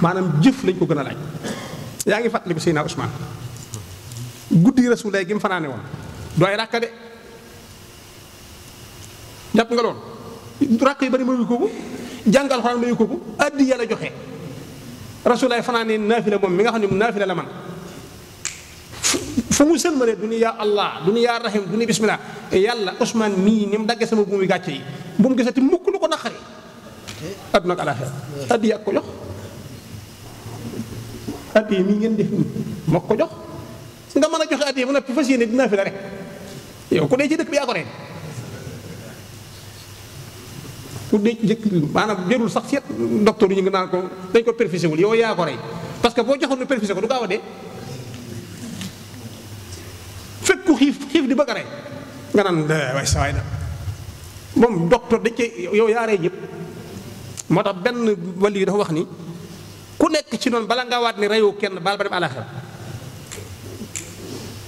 maanaam jëf lañ ko gën a yaa ngi fàttaliku Seydina Ousmane guddi rasulaay gi mu fanaane woon du ay ràkka de jàpp nga lool ràkk yu bari mënuñu kooku jàng alxuraan layu ko ko addi a joxe rasulaay fanaanee naafila moom mi nga xam ne naafila la man fu mu sëlmale du ni yaa allah du ni yaa rahim du ni bismillah yàlla Ousmane mii ni mu daggee sama buumu gàcce yi bu mu gisati mukk lu ko naqari adduna ak ko jox addi yi mii ngeen def moo ko jox nga man a joxe addi yi ba noppi fas yéene dinaa fi la rek yow ku dee ci dëkk bi yaa ko reen pour de njëkk maanaam jërul sax seet docteur yi ñu ngi naan ko dañ ko perfusé wul yow yaa ko parce que boo joxoon ne perfusé ko du gaaw a dee fekk ku xiif nga naan waay moom docteur dañ cee yow yaa rey ñëpp tax benn wàll yi dafa wax ni ku nekk ci noonu bala ngaa waat ne reyoo kenn baal ba dem àllaaxira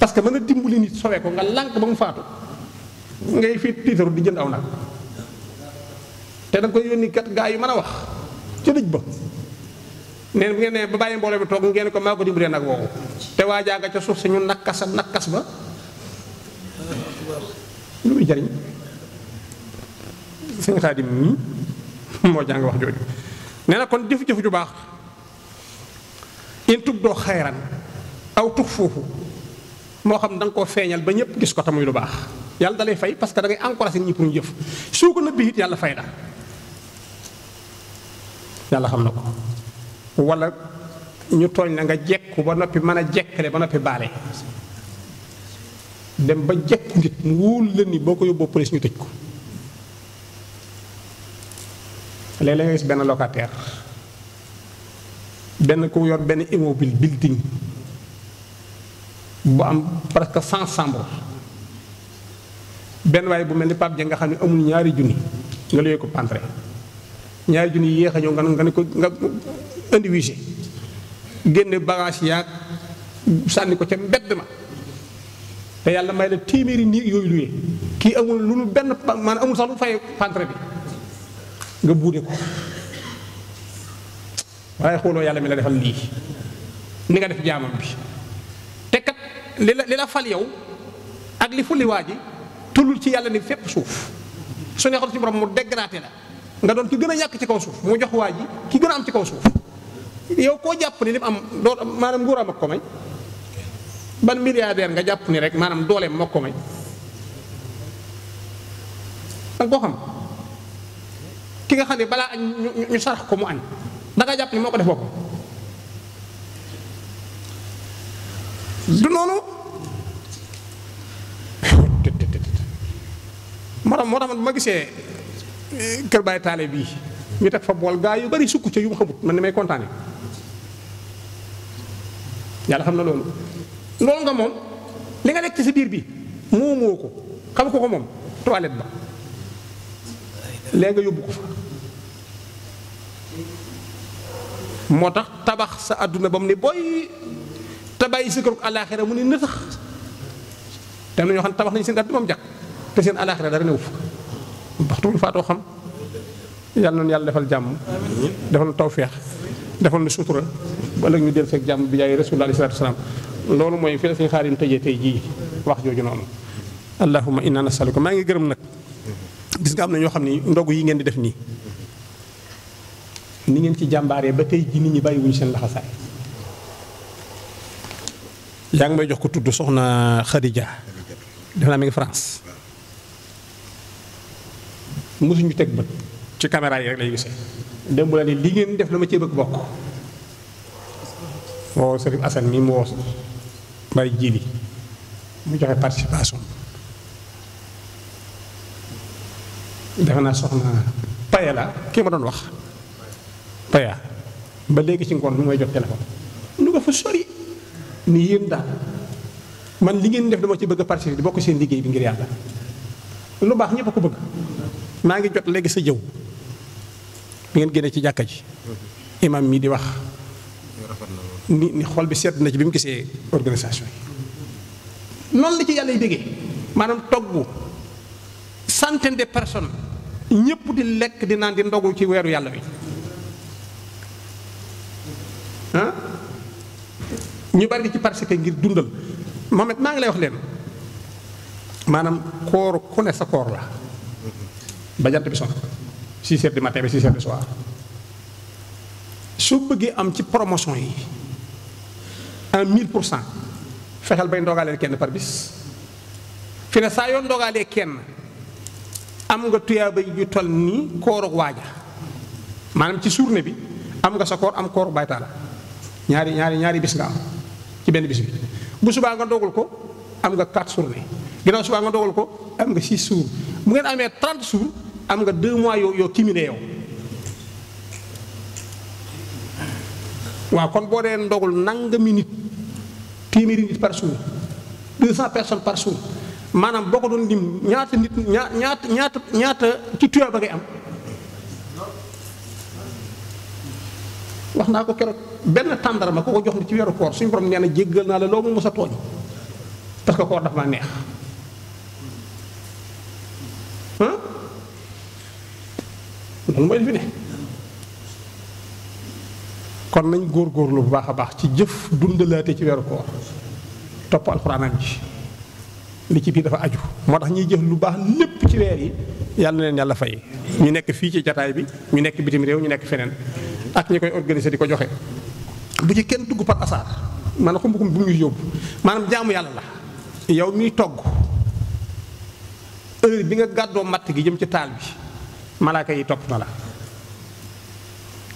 parce que mën a dimbali nit sowee ko nga lànk ba mu faatu ngay fii tiitaru di jënd aw nag te da koy yoni kat gaay yu mën wax ci dij ba neen bu ngeen ne ba baye mbolé bi tok ngeen ko mako dimbré nak nag woowu te waa jaaga ca suuf ci ñu nakkasa nakkas ba lu muy jariñ sëñ xadim mi mo jang wax joju nee kon def ci fu ju baax in tub do khairan aw tuk fufu mo xam dang ko feñal ba ñepp gis ko tamuy lu baax yalla dalay fay parce que da ngay encouragé nit ñi pour ñu jëf suko ko nëbbi yalla fay da yàlla xam na ko wala ñu tooñ na nga jekku ba noppi mën a jekkale ba noppi baale dem ba jekku nit mu wóolu ni boo ko yóbboo police ñu tëj ko léeg-léeg nga gis benn locataire benn ku yor benn immobile building bu am presque cent chambres benn waaye bu mel ni Pape Dieng nga xam ne amul ñaari junni nga luyee ko pentre ñaari junni yéex a ñëw nga nga ko nga indi wiise génne yaag sànni ko ca mbedd ma te yàlla may la téeméeri nii yooyu luyee kii amul lu nu benn maanaam amul sax lu fay pantre bi nga buude ko waaye xooloo yàlla mi la defal lii ni nga def jaamam bi te kat li la li la fal yow ak li fulli waa ji tullul ci yàlla ni fépp suuf su neexoon ci borom mu dégradé la nga don ci gëna yak ci kaw suuf mu jox waaji ki gëna am ci kaw suuf yow ko japp ni lim am do manam ak ban milliardaire nga japp ni rek manam dooleem moo ko may ak ko xam ki nga xam bala ñu sarax ko mu an da nga japp ni moo def bokk du nonu moo ma gisee kër Baay Taale bii ñu teg fa bool gaa yu bari sukk ca yu mu xamut man ni may kontaane yàlla xam na loolu loolu nga moom li nga nekk ci sa biir bi moomoo ko xam ko ko moom toilette ba léegi nga yóbbu ko fa moo tax tabax sa àdduna ba mu ni booy tabaay si kër alaaxira mu ni nëtax te am na ñoo xam ne tabax nañu seen àdduna ba mu jàkk te seen alaaxira dara newu fa waxtu ñu faatoo xam yàlla noonu yàlla defal jàmm defal nu tawféex defal na sutura ba ëllëg ñu del seeg jàmm bi jaay rasulullah alayhi salaatu loolu mooy fi la suñu xaarim tëjee tey jii wax jooju noonu allahuma inna ko maa ngi gërëm nag gis nga am na ñoo xam ne ndogu yi ngeen di def nii ni ngeen ci jàmbaaree ba tey ji nit ñi bàyyi seen laxasaay yaa ngi may jox ko tudd soxna Khadija def naa mi ngi France musuñu tek bët ci caméra yi rek lay gisee dembu la ni li ngeen def lama ci cee bëgg bokk woo sëriñ Assane mi mo woo bari jiili mu joxe participation defe na soxna paya la ki ma doon wax paya ba légui ci ngon bi mooy jot téléphone lu fa sori ni yeen da man li ngeen def dama ci bëgg participer bokk seen liggéey bi ngir yalla lu bax ñepp ko bëgg maa ngi jot léegi sa jëw bi ngeen génnee ci jàkka ji imam mii di wax ni ni xol bi sedd na ci bi mu gisee organisation yi noonu la ci yàlla yi déggee maanaam togg centaine de personnes ñëpp di lekk di naan di ndogu ci weeru yàlla wi ah ñu bari di ci participer ngir dundal Mohamed naa ngi lay wax leen maanaam koor ku ne sa koor la ba jant bi soxla 6 heures du matin ba 6 heures du soir soo bëggee am ci promotion yi en pour cent fexeel bay ndogaaleel kenn par bis fi ne saa yoon ndogaalee kenn am nga tuyaaba yu toll ni koorug waaja maanaam ci journée bi am nga sa koor am koorug baytaala ñaari ñaari ñaari bis nga am ci benn bis bi bu subaa nga dogal ko am nga 4 journée ginnaaw subaa nga dogal ko am nga 6 jours bu ngeen amee 30 jours am nga 2 mois yoo yoo kimine yow waaw kon boo dee ndogul nangami nit téeméeri nit par jour 200 personnes par jour maanaam boo ko doon lim ñaata nit ñaa ñaata ñaata ñaata ci tuya ba ngay am wax naa ko keroog benn tàndarma ku ko jox ni ci weeru koor suñu borom nee jéggal naa la loo mu mës a tooñ parce que koor dafa maa neex ah loolu mooy fi ne kon nañ góorgóorlu bu baax a baax ci jëf dundalaate ci weeru koor topp alxuraanam ji li ci biir dafa aju moo tax ñuy jëf lu baax lépp ci weer yi yàlla na yàlla fay ñu nekk fii ci jataay bi ñu nekk bitim réew ñu nekk feneen ak ñi koy organiser di ko joxe bu ci kenn dugg par asaar maanaam xumb xumb bu mu ñu yóbbu maanaam jaamu yàlla la yow miy togg heure bi nga gàddoo matt gi jëm ci taal bi malaaka yi topp na la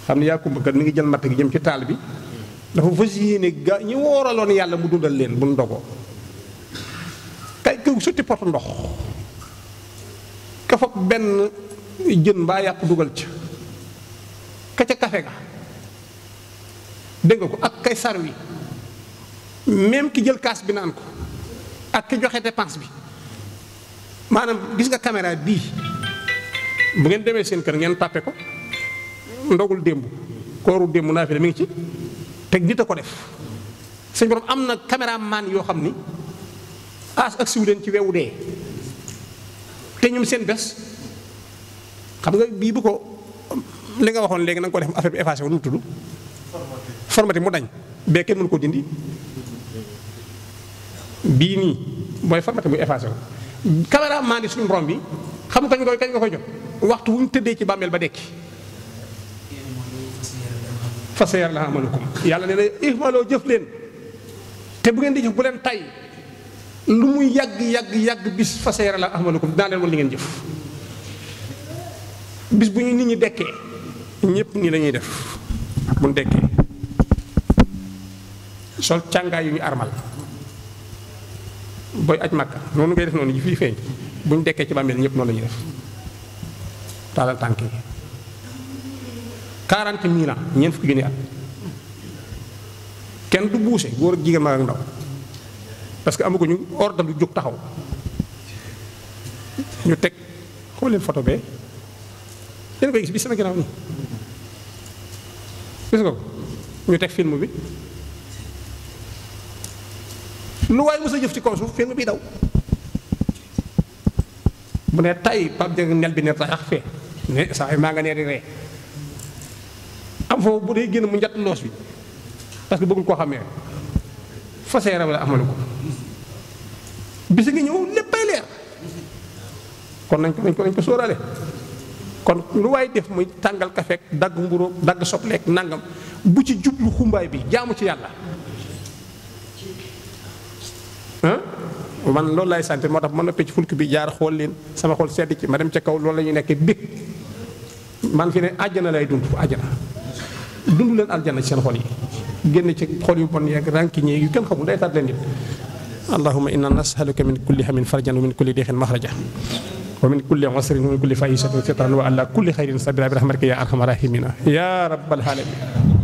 xam ne yaa kumba kat mi ngi jël matt gi jëm ci taal bi dafa fas yéene ga ñu wooraloon yàlla mu dundal leen bu ndogoo kay ku sotti pot ndox ka benn jën mbaa yàpp dugal ca ka ca kafe ga dégg nga ko ak kay sar wi même ki jël kaas bi naan ko ak ki joxe dépense bi maanaam gis nga caméra bii bu ngeen demee seen kër ngeen tàppe ko ndogul démb kooru démb naa fi la mi ngi ci teg nit a ko def sëñ borom am na caméraman yoo xam ni as ak siw leen ci wewu dee te ñum seen bés xam nga bii bu ko li nga waxoon léegi na nga ko def affaire bi effacé wu nu mu tudd formaté mu dañ bee kenn mënu ko dindi bii nii mooy formaté muy effacé wu caméraman yi suñu borom bi xam nga kañ koy kañ nga koy jot waxtu wu ñu tëddee ci bàmmeel ba dekki fa sayarlaha amalukum yàlla nee na ihmaloo jëf leen te bu ngeen di jëf bu leen tay lu mu yàgg yàgg yàgg bis fa sayarlaha amalukum dinaa leen wan li ngeen jëf bis bu ñu nit ñi dekkee ñëpp nii lañuy def bu ñu dekkee sol càngaay yu ñu armal booy aj màkka noonu ngay def noonu yi fii feeñ bu ñu dekkee ci bàmmeel ñëpp noonu la ñuy def taalal tànk yi 40 mille ans ñeent fukki junni at kenn du buuse góor ak jigéen mag ak ndaw parce que amaguñu ordre lu jóg taxaw ñu teg xool leen photo bee leen koy gis bi sama ginnaaw nii gis nga ko ñu teg film bi lu waaye mos a jëf ci kaw suuf fenn bi daw bu ne tay pap jëng nel bi ne tayax fee ne saa maa nga nee di ree am foofu bu dee génn mu njatt loos bi parce que bëggul koo xamee fase yaram la amalu ko bisi ngi ñëw léppay leer kon nañ ko nañ ko sóorale kon lu waay def muy tàngal kafeek dagg mburóog dagg sobleek nangam bu ci jublu xumbaay bi jaamu ci yàlla man loolu laay sant moo tax ma noppee ci fulk bi jaar xool leen sama xol sedd ci ma dem ca kaw loolu la ñuy nekkee bég man fi ne àjjana lay dund àjjana dund leen aljana ci seen xol yi génn ci xol yu bon yeeg rànkiñ yu kenn xamul day taat leen nit allahumma inna nasaluka min kulli hamin farjan wa min kulli dexin maxraja wa min kulli usrin wa min kulli faisatin sitran wa ala kulli xayrin sabira bi rahmatika ya arhamar rahimina ya rabbal